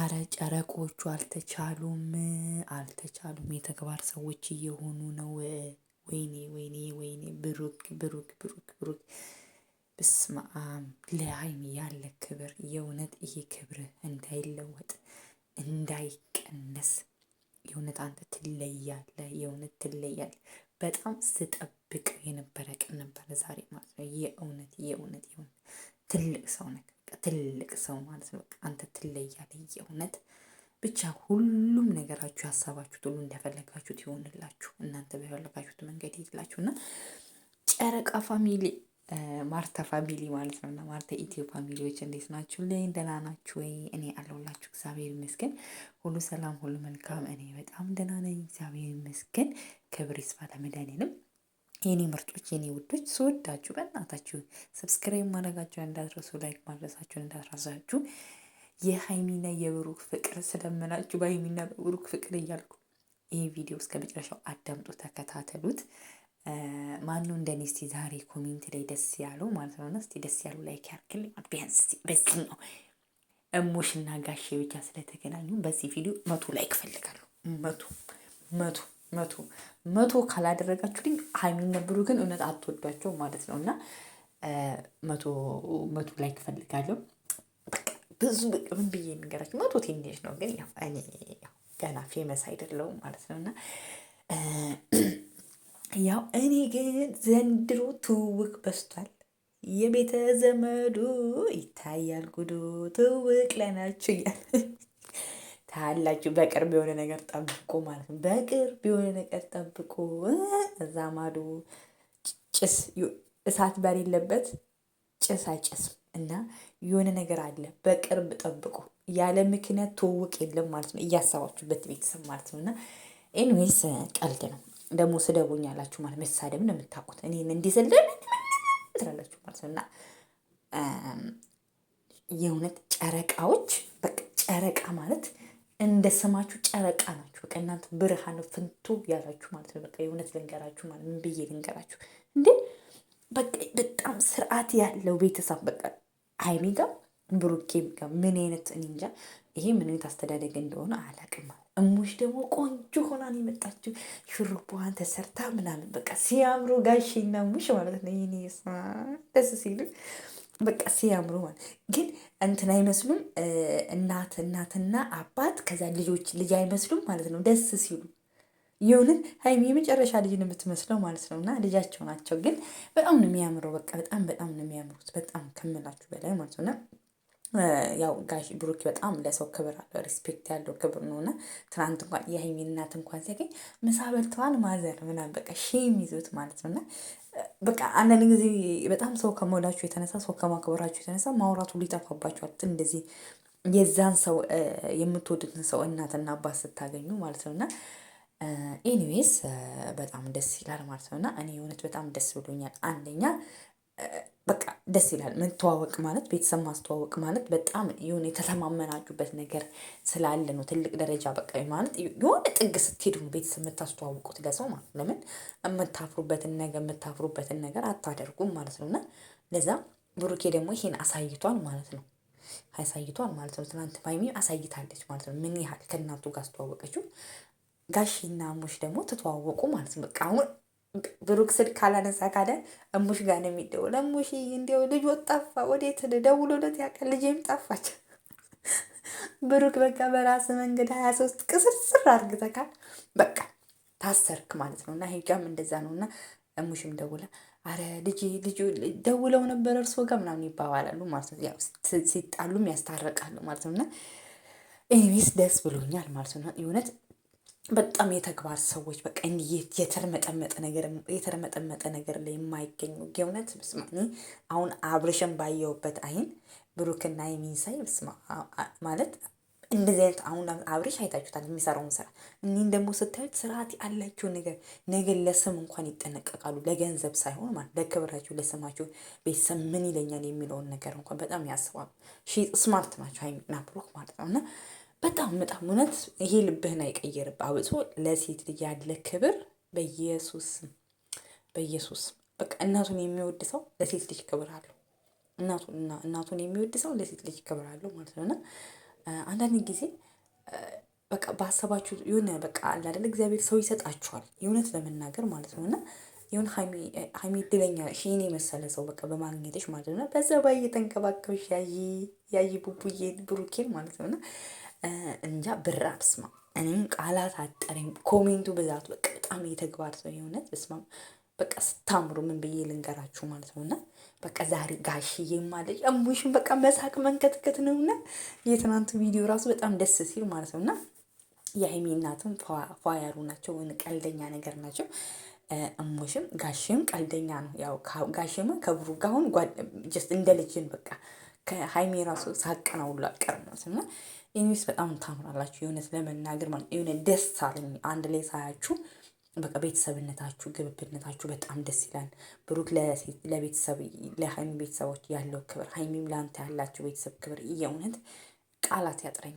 አረ ጨረቆቹ አልተቻሉም አልተቻሉም የተግባር ሰዎች እየሆኑ ነው። ወይኔ ወይኔ ወይኔ ብሩክ ብሩክ ብሩክ ብሩክ በስመአብ ለሃይሚ ያለ ክብር የእውነት ይሄ ክብር እንዳይለወጥ እንዳይቀነስ የእውነት አንተ ትለያለ የእውነት ትለያለ በጣም ስጠብቅ የነበረ ቀን ነበረ ዛሬ ማለት ነው። የእውነት የእውነት የእውነት ትልቅ ሰው ነህ። በቃ ትልቅ ሰው ማለት ነው። በቃ አንተ ትለያለህ። የእውነት ብቻ ሁሉም ነገራችሁ ያሳባችሁት ሁሉ እንደፈለጋችሁት ይሆንላችሁ። እናንተ በፈለጋችሁት መንገድ ይሄድላችሁ እና ጨረቃ ፋሚሊ ማርታ ፋሚሊ ማለት ነው እና ማርታ ኢትዮ ፋሚሊዎች እንዴት ናችሁ? ላይ ደህና ናችሁ ወይ? እኔ አለሁላችሁ እግዚአብሔር ይመስገን፣ ሁሉ ሰላም፣ ሁሉ መልካም። እኔ በጣም ደህና ነኝ እግዚአብሔር ይመስገን። ክብር ይስፋ ለመድኃኔዓለም። የኔ ምርጦች የኔ ውዶች ስወዳችሁ በእናታችሁ ሰብስክራይብ ማድረጋችሁ እንዳትረሱ፣ ላይክ ማድረሳችሁን እንዳትረሳችሁ። የሀይሚና የብሩክ ፍቅር ስለምናችሁ በሀይሚና በብሩክ ፍቅር እያልኩ ይህ ቪዲዮ እስከ መጨረሻው አዳምጡ፣ ተከታተሉት። ማነው እንደኔ እስቲ ዛሬ ኮሜንት ላይ ደስ ያለው ማለት ነው እስቲ ደስ ያሉ ላይክ ያርክል ቢያንስ በዚህ ነው እሞሽና ጋሼ ብቻ ስለተገናኙ በዚህ ቪዲዮ መቶ ላይክ እፈልጋለሁ። መቶ መቶ መቶ መቶ ካላደረጋችሁልኝ ሀይሚና ግን እውነት አትወዷቸው ማለት ነው። እና መቶ መቶ ላይክ እፈልጋለሁ። ብዙ ምን ብዬ የሚገራቸው መቶ ትንሽ ነው፣ ግን እኔ ገና ፌመስ አይደለውም ማለት ነው እና ያው እኔ ግን ዘንድሮ ትውውቅ በስቷል። የቤተ ዘመዱ ይታያል ጉዱ ትውውቅ ለናችሁ እያለ ታላችሁ በቅርብ የሆነ ነገር ጠብቆ ማለት ነው። በቅርብ የሆነ ነገር ጠብቆ እዛ ማዶ ጭስ እሳት በሌለበት ጭስ አይጨስም እና የሆነ ነገር አለ። በቅርብ ጠብቁ። ያለ ምክንያት ትውውቅ የለም ማለት ነው። እያሰባችሁበት ቤተሰብ ማለት ነው። እና ኤንዌይስ ቀልድ ነው። ደግሞ ስደቡኝ ያላችሁ ማለት መሳደብ ነው የምታውቁት። እኔ እንዲህ ትላላችሁ ማለት ነው። እና የእውነት ጨረቃዎች በቃ ጨረቃ ማለት እንደ ስማችሁ ጨረቃ ናችሁ። በቃ እናንተ ብርሃን ፍንቶ ያላችሁ ማለት ነው። በቃ የእውነት ልንገራችሁ ማለት ምን ብዬ ልንገራችሁ እንዴ! በቃ በጣም ስርዓት ያለው ቤተሰብ በቃ ሀይሚ ጋር ብሩኬ ጋር ምን አይነት እኔ እንጃ፣ ይሄ ምን አይነት አስተዳደግ እንደሆነ አላቅም። ማለት እሙሽ ደግሞ ቆንጆ ሆና የመጣችው፣ ሹሩባዋን ተሰርታ ምናምን በቃ ሲያምሩ ጋሽና ሙሽ ማለት ነው። ይሄ ደስ ሲሉ በቃ ሲያምሩ ማለት ግን እንትን አይመስሉም። እናት እናትና አባት ከዛ ልጆች ልጅ አይመስሉም ማለት ነው። ደስ ሲሉ የሆንን ሀይሚ የመጨረሻ ልጅ ነው የምትመስለው ማለት ነው። እና ልጃቸው ናቸው ግን በጣም ነው የሚያምረው። በቃ በጣም በጣም ነው የሚያምሩት በጣም ከምላችሁ በላይ ማለት ነው። ያው ጋሽ ብሩክ በጣም ለሰው ክብር አለው፣ ሪስፔክት ያለው ክብር ነው እና ትናንት እንኳን የሀይሚ እናት እንኳን ሲያገኝ ምሳ በልተዋል ማዘር ምናምን በቃ ሼም ይዞት ማለት ነው እና በቃ አንዳንድ ጊዜ በጣም ሰው ከመውዳችሁ የተነሳ ሰው ከማክበራችሁ የተነሳ ማውራቱ ሊጠፋባችኋል። እንደዚህ የዛን ሰው የምትወዱትን ሰው እናትና አባት ስታገኙ ማለት ነው እና ኤኒዌይስ በጣም ደስ ይላል ማለት ነው እና እኔ የእውነት በጣም ደስ ብሎኛል አንደኛ በቃ ደስ ይላል። መተዋወቅ ማለት ቤተሰብ ማስተዋወቅ ማለት በጣም የሆነ የተተማመናችሁበት ነገር ስላለ ነው። ትልቅ ደረጃ በቃ ማለት የሆነ ጥግ ስትሄዱ ነው ቤተሰብ የምታስተዋውቁት ለሰው ማለት ለምን የምታፍሩበትን ነገር የምታፍሩበትን ነገር አታደርጉም ማለት ነው። እና ለዛ ብሩኬ ደግሞ ይሄን አሳይቷል ማለት ነው። አሳይቷል ማለት ነው። ትናንት ሀይሚ አሳይታለች ማለት ነው። ምን ያህል ከእናቱ ጋር አስተዋወቀችው። ጋሽና ሙሽ ደግሞ ተተዋወቁ ማለት ነው። በቃ አሁን ብሩክ ስልክ ካላነሳ ካለ እሙሽ ጋር ነው የሚደውል። እሙሽ እንዲው ልጅ ጠፋ፣ ወዴት ደውሎለት ያውቃል? ልጄም ጠፋች። ብሩክ በቃ በራስ መንገድ ሀያ ሶስት ቅስስር አርግተካል። በቃ ታሰርክ ማለት ነው። እና ሄጃም እንደዛ ነው። እና እሙሽም ደውለ አረ ልጅ ልጅ ደውለው ነበር እርሶ ጋር ምናምን ይባባላሉ ማለት ነው። ያው ሲጣሉም ያስታረቃሉ ማለት ነው። እና ኢኒዌይስ ደስ ብሎኛል ማለት ነው የእውነት በጣም የተግባር ሰዎች በቃ የተርመጠመጠ ነገር የተርመጠመጠ ነገር ላይ የማይገኙ የእውነት ብስማ አሁን አብርሽን ባየውበት አይን ብሩክና የሚንሳይ ብስማ ማለት እንደዚህ አይነት አሁን አብርሽ አይታችሁታል የሚሰራውን ስራ። እኒህን ደግሞ ስታዩት ስርዓት ያላቸው ነገር ነገር ለስም እንኳን ይጠነቀቃሉ። ለገንዘብ ሳይሆን ማለት ለክብራችሁ፣ ለስማችሁ ቤተሰብ ምን ይለኛል የሚለውን ነገር እንኳን በጣም ያስባሉ። ስማርት ናቸው ሀይሚና ብሩክ ማለት ነው እና በጣም በጣም እውነት ይሄ ልብህን አይቀይርብህ። አብጾ ለሴት ልጅ ያለ ክብር በኢየሱስ በኢየሱስ በቃ እናቱን የሚወድ ሰው ለሴት ልጅ ክብር አለው። እናቱን የሚወድ ሰው ለሴት ልጅ ክብር አለው ማለት ነው። እና አንዳንድ ጊዜ በቃ በሀሳባችሁ የሆነ በቃ አለ አይደል እግዚአብሔር ሰው ይሰጣችኋል፣ የእውነት ለመናገር ማለት ነው እና የሆነ ሀይሚ እድለኛ ሽኔ የመሰለ ሰው በቃ በማግኘትሽ ማለት ነው። በዛ ባይ እየተንከባከብሽ ያይ ያይ ቡቡዬ ብሩኬን ማለት ነው እና እንጃ ብራ ብስማ እኔም ቃላት አጠረኝ። ኮሜንቱ ብዛት በቃ በጣም የተግባር ሰው የሆነት ብስማ በቃ ስታምሩ ምን ብዬ ልንገራችሁ ማለት ነው። እና በቃ ዛሬ ጋሽዬ ማለች እሙሽን በቃ መሳቅ መንከትከት ነው። እና የትናንቱ ቪዲዮ ራሱ በጣም ደስ ሲል ማለት ነው። እና የሀይሚ እናትም ፏ ያሉ ናቸው፣ ቀልደኛ ነገር ናቸው። እሙሽም ጋሽም ቀልደኛ ነው። ያው ጋሽም ከብሩ ጋር አሁን እንደ ልጅን በቃ ከሀይሜ ራሱ ሳቅ ነው ሁሉ አልቀርነት እና ኢንግሊዝ በጣም ታምራላችሁ። የእውነት ለመናገር ማለት የሆነ ደስ አለኝ አንድ ላይ ሳያችሁ። በቃ ቤተሰብነታችሁ፣ ግብብነታችሁ በጣም ደስ ይላል። ብሩክ ለቤተሰብ ለሀይሚ ቤተሰቦች ያለው ክብር፣ ሀይሚም ለአንተ ያላቸው ቤተሰብ ክብር የእውነት ቃላት ያጥረኛል።